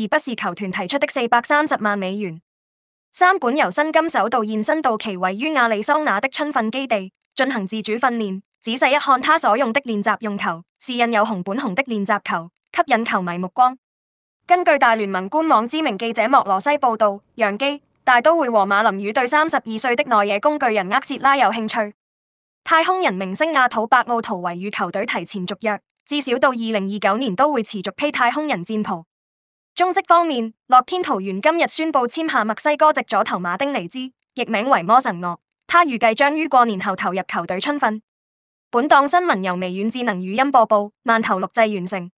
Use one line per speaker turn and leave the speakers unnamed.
而不是球團提出的四百三十萬美元。山本由伸首度現身，道奇位於亞利桑那的春訓基地進行自主訓練。仔細一看，他所用的練習用球是印有熊本熊的練習球，吸引球迷目光。根據大聯盟官網知名記者莫羅西報道，洋基、大都會和馬林魚對三十二歲的內野工具人厄切拉有興趣。太空人明星亞土白奧圖維與球隊提前續約，至少到二零二九年都會持續披太空人戰袍。中職方面，樂天桃園今日宣布簽下墨西哥籍左投馬丁尼茲，譯名為魔神諾。他預計將於過年後投入球隊春訓。本檔新聞由微軟智能語音播報，慢頭錄製完成。